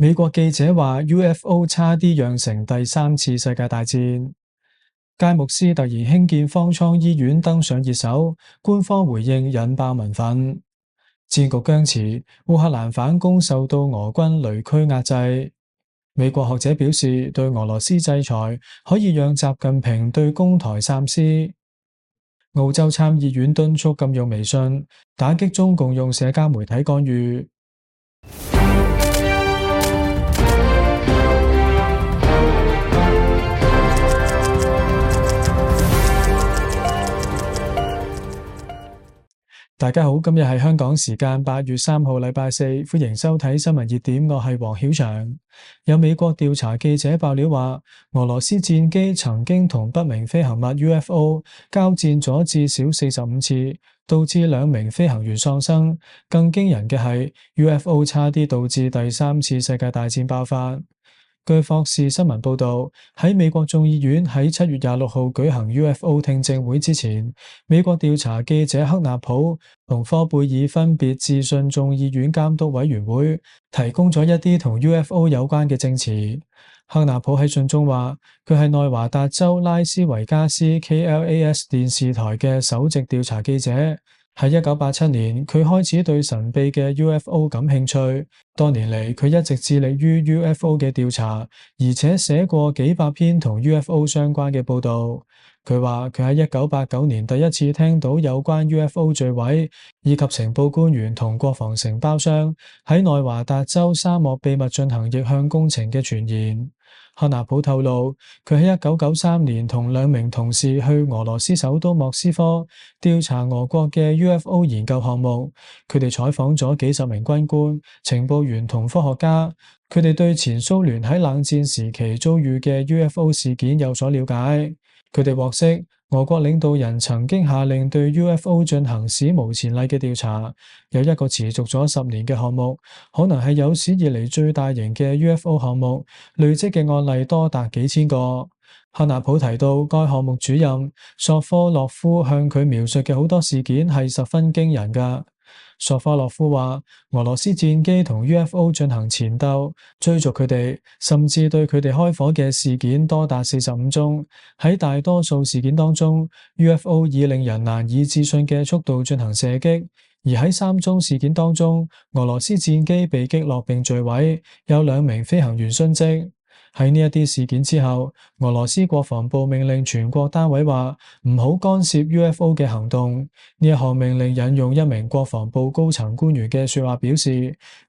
美國記者話 UFO 差啲釀成第三次世界大戰。佳木斯突然興建方艙醫院登上熱搜，官方回應引爆民憤。戰局僵持，烏克蘭反攻受到俄軍雷區壓制。美國學者表示，對俄羅斯制裁可以讓習近平對攻台三思。澳洲參議院敦促禁用微信，打擊中共用社交媒體干預。大家好，今日係香港時間八月三號，禮拜四，歡迎收睇新聞熱點。我係黃曉翔。有美國調查記者爆料話，俄羅斯戰機曾經同不明飛行物 UFO 交戰咗至少四十五次，導致兩名飛行員喪生。更驚人嘅係，UFO 差啲導致第三次世界大戰爆發。據《霍士新聞》報道，喺美國眾議院喺七月廿六號舉行 UFO 聽證會之前，美國調查記者克納普同科貝爾分別致信眾議院監督委員會，提供咗一啲同 UFO 有關嘅證詞。克納普喺信中話，佢係內華達州拉斯維加斯 KLAS 電視台嘅首席調查記者。喺一九八七年，佢開始對神秘嘅 UFO 感興趣。多年嚟，佢一直致力於 UFO 嘅調查，而且寫過幾百篇同 UFO 相關嘅報道。佢話佢喺一九八九年第一次聽到有關 UFO 墜毀以及情報官員同國防承包商喺內華達州沙漠秘密進行逆向工程嘅傳言。漢納普透露，佢喺一九九三年同兩名同事去俄羅斯首都莫斯科調查俄國嘅 UFO 研究項目。佢哋採訪咗幾十名軍官、情報員同科學家。佢哋對前蘇聯喺冷戰時期遭遇嘅 UFO 事件有所了解。佢哋獲悉，俄國領導人曾經下令對 UFO 進行史無前例嘅調查，有一個持續咗十年嘅項目，可能係有史以嚟最大型嘅 UFO 項目，累積嘅案例多達幾千個。克納普提到，該項目主任索科洛夫向佢描述嘅好多事件係十分驚人噶。索法洛夫話：俄羅斯戰機同 UFO 進行纏鬥，追逐佢哋，甚至對佢哋開火嘅事件多達四十五宗。喺大多數事件當中，UFO 以令人難以置信嘅速度進行射擊，而喺三宗事件當中，俄羅斯戰機被擊落並墜毀，有兩名飛行員殉職。喺呢一啲事件之後，俄羅斯國防部命令全國單位話唔好干涉 UFO 嘅行動。呢一項命令引用一名國防部高層官員嘅説話表示，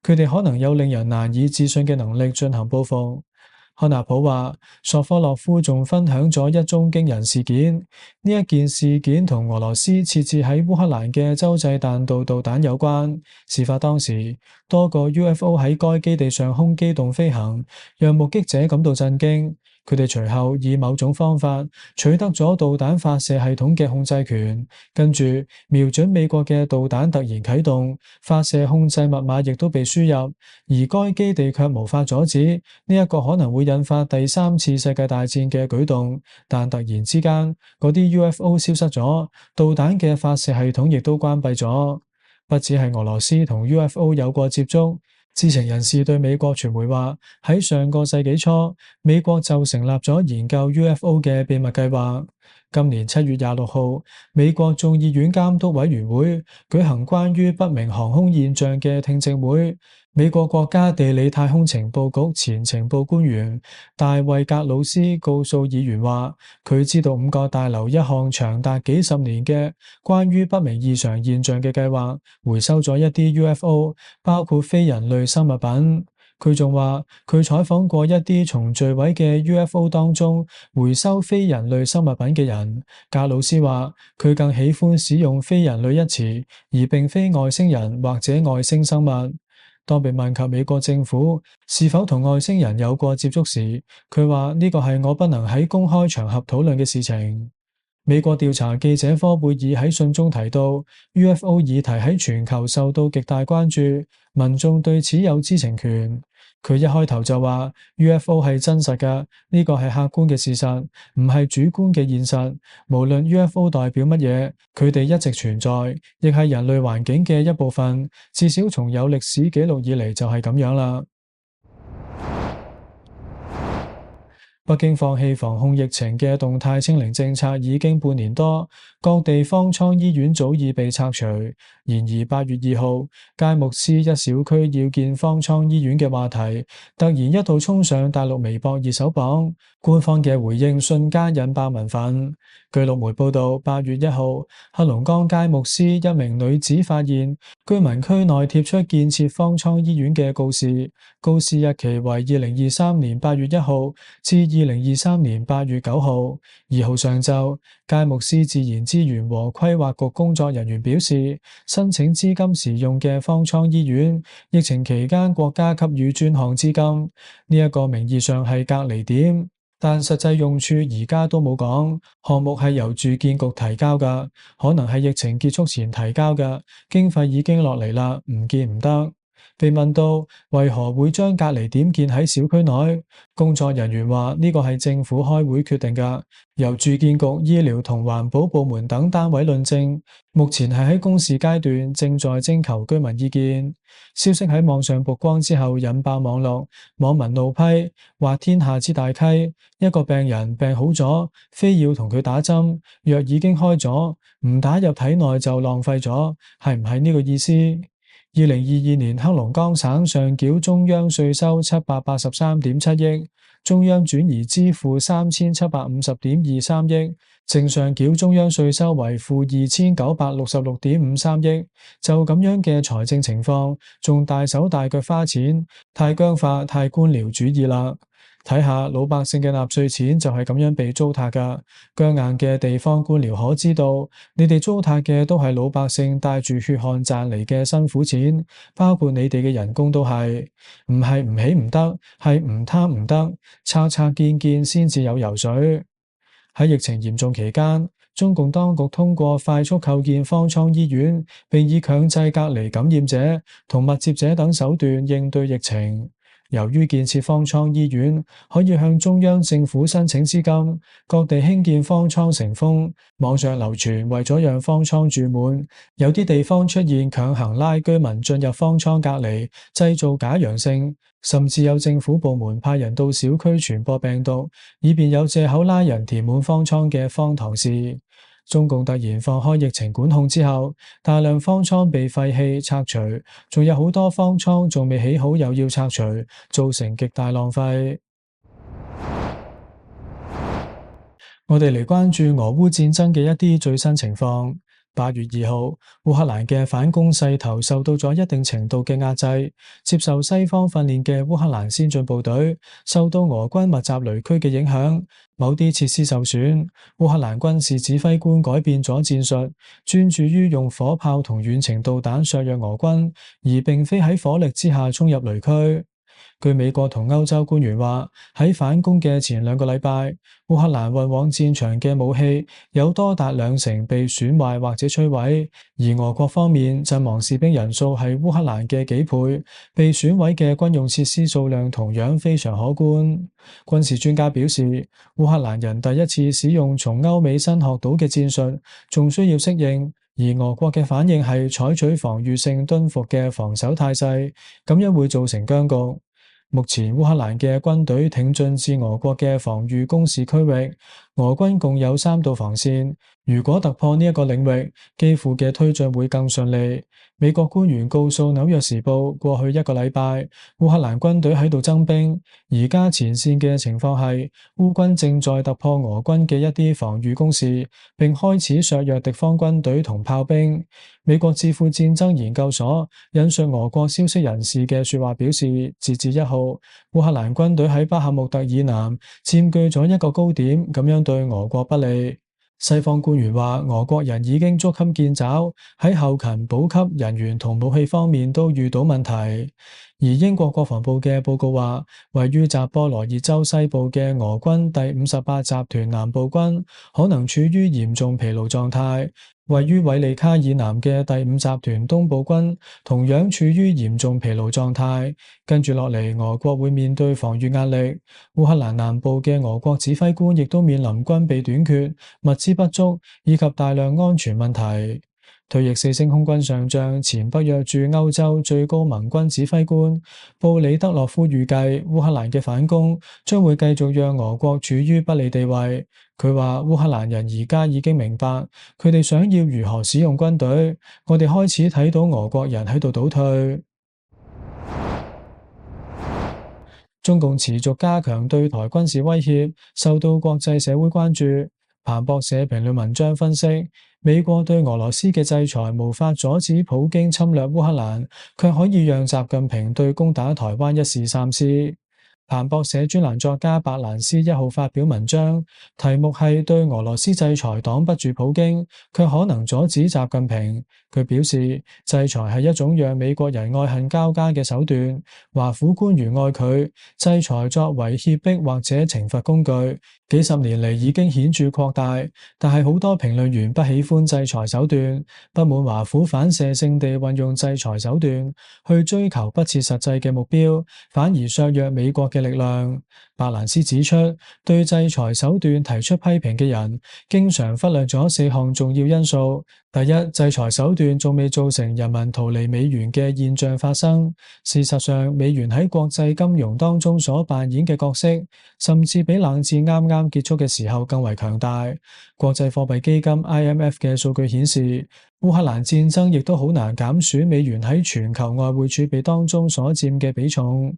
佢哋可能有令人難以置信嘅能力進行報復。漢納普話：索科洛夫仲分享咗一宗驚人事件，呢一件事件同俄羅斯設置喺烏克蘭嘅洲際彈道導彈有關。事發當時，多個 UFO 喺該基地上空機動飛行，讓目擊者感到震驚。佢哋隨後以某種方法取得咗導彈發射系統嘅控制權，跟住瞄準美國嘅導彈突然啟動，發射控制密碼亦都被輸入，而該基地卻無法阻止呢一個可能會引發第三次世界大戰嘅舉動。但突然之間，嗰啲 UFO 消失咗，導彈嘅發射系統亦都關閉咗。不止係俄羅斯同 UFO 有過接觸。知情人士對美國傳媒話，喺上個世紀初，美國就成立咗研究 UFO 嘅秘密計劃。今年七月廿六號，美國眾議院監督委員會舉行關於不明航空現象嘅聽證會。美國國家地理太空情報局前情報官員戴衛格老師告訴議員話，佢知道五角大樓一項長達幾十年嘅關於不明異常現象嘅計劃，回收咗一啲 UFO，包括非人類生物品。佢仲話佢採訪過一啲從墜毀嘅 UFO 當中回收非人類生物品嘅人。格魯斯話佢更喜歡使用非人類一詞，而並非外星人或者外星生物。當被問及美國政府是否同外星人有過接觸時，佢話呢個係我不能喺公開場合討論嘅事情。美國調查記者科貝爾喺信中提到，UFO 議題喺全球受到極大關注，民眾對此有知情權。佢一開頭就話 UFO 係真實噶，呢個係客觀嘅事實，唔係主觀嘅現實。無論 UFO 代表乜嘢，佢哋一直存在，亦係人類環境嘅一部分。至少從有歷史記錄以嚟就係咁樣啦。北京放棄防控疫情嘅動態清零政策已經半年多，各地方艙醫院早已被拆除。然而八月二號，佳木斯一小區要建方艙醫院嘅話題，突然一度衝上大陸微博熱搜榜。官方嘅回應瞬間引爆民憤。據陸媒報導，八月一號，黑龍江佳木斯一名女子發現居民區內貼出建設方艙醫院嘅告示，告示日期為二零二三年八月一號至二。二零二三年八月九號二號上晝，佳木斯自然資源和規劃局工作人員表示，申請資金時用嘅方艙醫院，疫情期間國家給予專項資金，呢、這、一個名義上係隔離點，但實際用處而家都冇講。項目係由住建局提交噶可能係疫情結束前提交噶經費已經落嚟啦，唔見唔得。被問到為何會將隔離點建喺小區內，工作人員話呢個係政府開會決定㗎，由住建局、醫療同環保部門等單位論證。目前係喺公示階段，正在徵求居民意見。消息喺網上曝光之後引爆網絡，網民怒批話天下之大稽，一個病人病好咗，非要同佢打針，藥已經開咗，唔打入體內就浪費咗，係唔係呢個意思？二零二二年黑龍江省上繳中央稅收七百八十三點七億，中央轉移支付三千七百五十點二三億，正上繳中央稅收為負二千九百六十六點五三億。就咁樣嘅財政情況，仲大手大腳花錢，太僵化，太官僚主義啦。睇下老百姓嘅納稅錢就係咁樣被糟蹋㗎。僵硬嘅地方官僚可知道，你哋糟蹋嘅都係老百姓帶住血汗賺嚟嘅辛苦錢，包括你哋嘅人工都係，唔係唔起唔得，係唔貪唔得，拆拆建建先至有油水。喺疫情嚴重期間，中共當局通過快速構建方艙醫院，並以強制隔離感染者同密接者等手段應對疫情。由於建設方艙醫院可以向中央政府申請資金，各地興建方艙成風，網上流傳為咗讓方艙住滿，有啲地方出現強行拉居民進入方艙隔離，製造假陽性，甚至有政府部門派人到小區傳播病毒，以便有借口拉人填滿方艙嘅荒唐事。中共突然放開疫情管控之後，大量方艙被廢棄拆除，仲有好多方艙仲未起好又要拆除，造成極大浪費。 我哋嚟關注俄烏戰爭嘅一啲最新情況。八月二號，烏克蘭嘅反攻勢頭受到咗一定程度嘅壓制。接受西方訓練嘅烏克蘭先進部隊，受到俄軍密集雷區嘅影響，某啲設施受損。烏克蘭軍事指揮官改變咗戰術，專注於用火炮同遠程導彈削弱俄軍，而並非喺火力之下衝入雷區。據美國同歐洲官員話，喺反攻嘅前兩個禮拜，烏克蘭運往戰場嘅武器有多達兩成被損壞或者摧毀，而俄國方面陣亡士兵人數係烏克蘭嘅幾倍，被損毀嘅軍用設施數量同樣非常可觀。軍事專家表示，烏克蘭人第一次使用從歐美新學到嘅戰術，仲需要適應，而俄國嘅反應係採取防禦性蹲伏嘅防守態勢，咁樣會造成僵局。目前，烏克蘭嘅軍隊挺進至俄國嘅防禦工事區域。俄軍共有三道防線，如果突破呢一個領域，基輔嘅推進會更順利。美國官員告訴《紐約時報》，過去一個禮拜，烏克蘭軍隊喺度增兵，而家前線嘅情況係烏軍正在突破俄軍嘅一啲防禦工事，並開始削弱敵方軍隊同炮兵。美國智庫戰爭研究所引述俄國消息人士嘅說話表示，截至一號，烏克蘭軍隊喺巴赫穆特以南占據咗一個高點，咁樣。對俄國不利。西方官員話，俄國人已經捉襟見肘，喺後勤補給、人員同武器方面都遇到問題。而英國國防部嘅報告話，位於扎波羅熱州西部嘅俄軍第五十八集團南部軍可能處於嚴重疲勞狀態。位於維利卡以南嘅第五集團東部軍同樣處於嚴重疲勞狀態。跟住落嚟，俄國會面對防禦壓力。烏克蘭南部嘅俄國指揮官亦都面臨軍備短缺、物資不足以及大量安全問題。退役四星空軍上將、前北約駐歐洲最高盟軍指揮官布里德洛夫預計，烏克蘭嘅反攻將會繼續讓俄國處於不利地位。佢話：烏克蘭人而家已經明白，佢哋想要如何使用軍隊，我哋開始睇到俄國人喺度倒退。 中共持續加強對台軍事威脅，受到國際社會關注。彭博社評論文章分析。美國對俄羅斯嘅制裁無法阻止普京侵略烏克蘭，卻可以讓習近平對攻打台灣一事三思。彭博社專欄作家白蘭斯一號發表文章，題目係對俄羅斯制裁擋不住普京，卻可能阻止習近平。佢表示，制裁係一種讓美國人愛恨交加嘅手段。華府官員愛佢，制裁作為脅迫或者懲罰工具，幾十年嚟，已經顯著擴大。但係好多評論員不喜歡制裁手段，不滿華府反射性地運用制裁手段去追求不切實際嘅目標，反而削弱美國嘅。力量，白蘭斯指出，對制裁手段提出批評嘅人，經常忽略咗四項重要因素。第一，制裁手段仲未造成人民逃離美元嘅現象發生。事實上，美元喺國際金融當中所扮演嘅角色，甚至比冷戰啱啱結束嘅時候更為強大。國際貨幣基金 IMF 嘅數據顯示，烏克蘭戰爭亦都好難減損美元喺全球外匯儲備當中所佔嘅比重。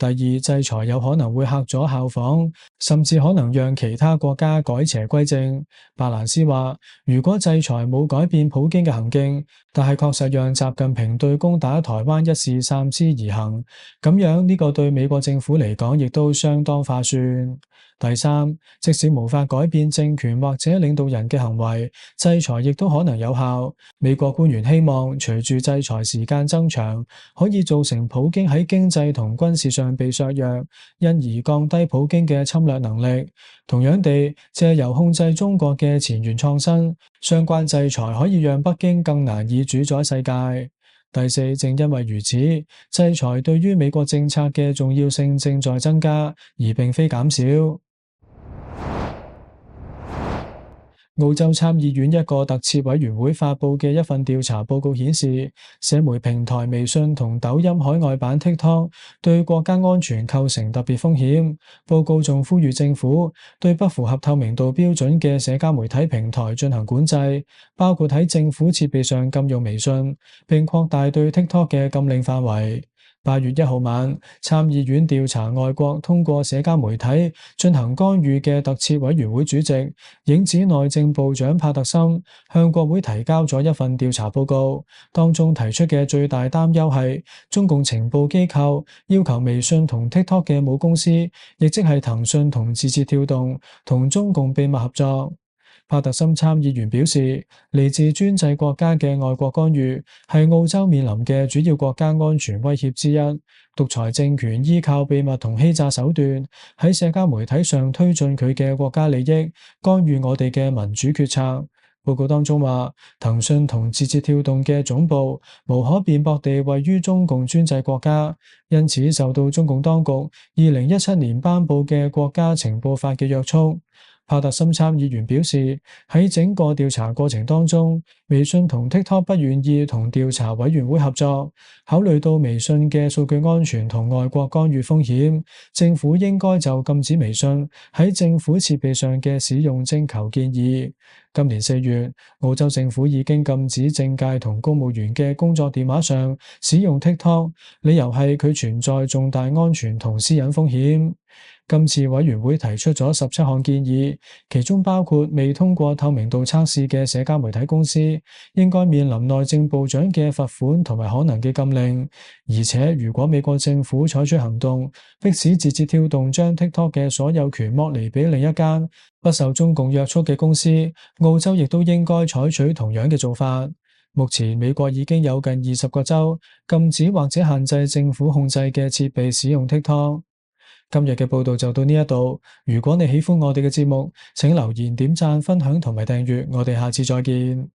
第二，制裁有可能會吓咗效仿，甚至可能讓其他國家改邪歸正。白蘭斯話，如果制裁冇改變普京嘅行徑，但係確實讓習近平對攻打台灣一事三思而行，咁樣呢個對美國政府嚟講亦都相當劃算。第三，即使無法改變政權或者領導人嘅行為，制裁亦都可能有效。美國官員希望隨住制裁時間增長，可以造成普京喺經濟同軍事上。被削弱，因而降低普京嘅侵略能力。同樣地，借由控制中國嘅前沿創新相關制裁，可以讓北京更難以主宰世界。第四，正因為如此，制裁對於美國政策嘅重要性正在增加，而並非減少。澳洲參議院一個特設委員會發布嘅一份調查報告顯示，社媒平台微信同抖音海外版 TikTok 對國家安全構成特別風險。報告仲呼籲政府對不符合透明度標準嘅社交媒體平台進行管制，包括喺政府設備上禁用微信，並擴大對 TikTok 嘅禁令範圍。八月一號晚，參議院調查外國通過社交媒體進行干預嘅特設委員會主席，影子內政部長帕特森向國會提交咗一份調查報告，當中提出嘅最大擔憂係中共情報機構要求微信同 TikTok 嘅母公司，亦即係騰訊同字節跳動，同中共秘密合作。帕特森參議員表示，嚟自專制國家嘅外國干預係澳洲面臨嘅主要國家安全威脅之一。獨裁政權依靠秘密同欺詐手段，喺社交媒體上推進佢嘅國家利益，干預我哋嘅民主決策。報告當中話，騰訊同字節跳動嘅總部無可辯駁地位於中共專制國家，因此受到中共當局二零一七年頒布嘅國家情報法嘅約束。帕特森參議員表示，喺整個調查過程當中，微信同 TikTok 不願意同調查委員會合作，考慮到微信嘅數據安全同外國干預風險，政府應該就禁止微信喺政府設備上嘅使用徵求建議。今年四月，澳洲政府已經禁止政界同公務員嘅工作電話上使用 TikTok，理由係佢存在重大安全同私隱風險。今次委員會提出咗十七項建議，其中包括未通過透明度測試嘅社交媒體公司應該面臨內政部長嘅罰款同埋可能嘅禁令。而且，如果美國政府採取行動，迫使字節跳動將 TikTok 嘅所有權剝離俾另一間不受中共約束嘅公司，澳洲亦都應該採取同樣嘅做法。目前，美國已經有近二十個州禁止或者限制政府控制嘅設備使用 TikTok。今日嘅報道就到呢一度。如果你喜歡我哋嘅節目，請留言、點讚、分享同埋訂閱。我哋下次再見。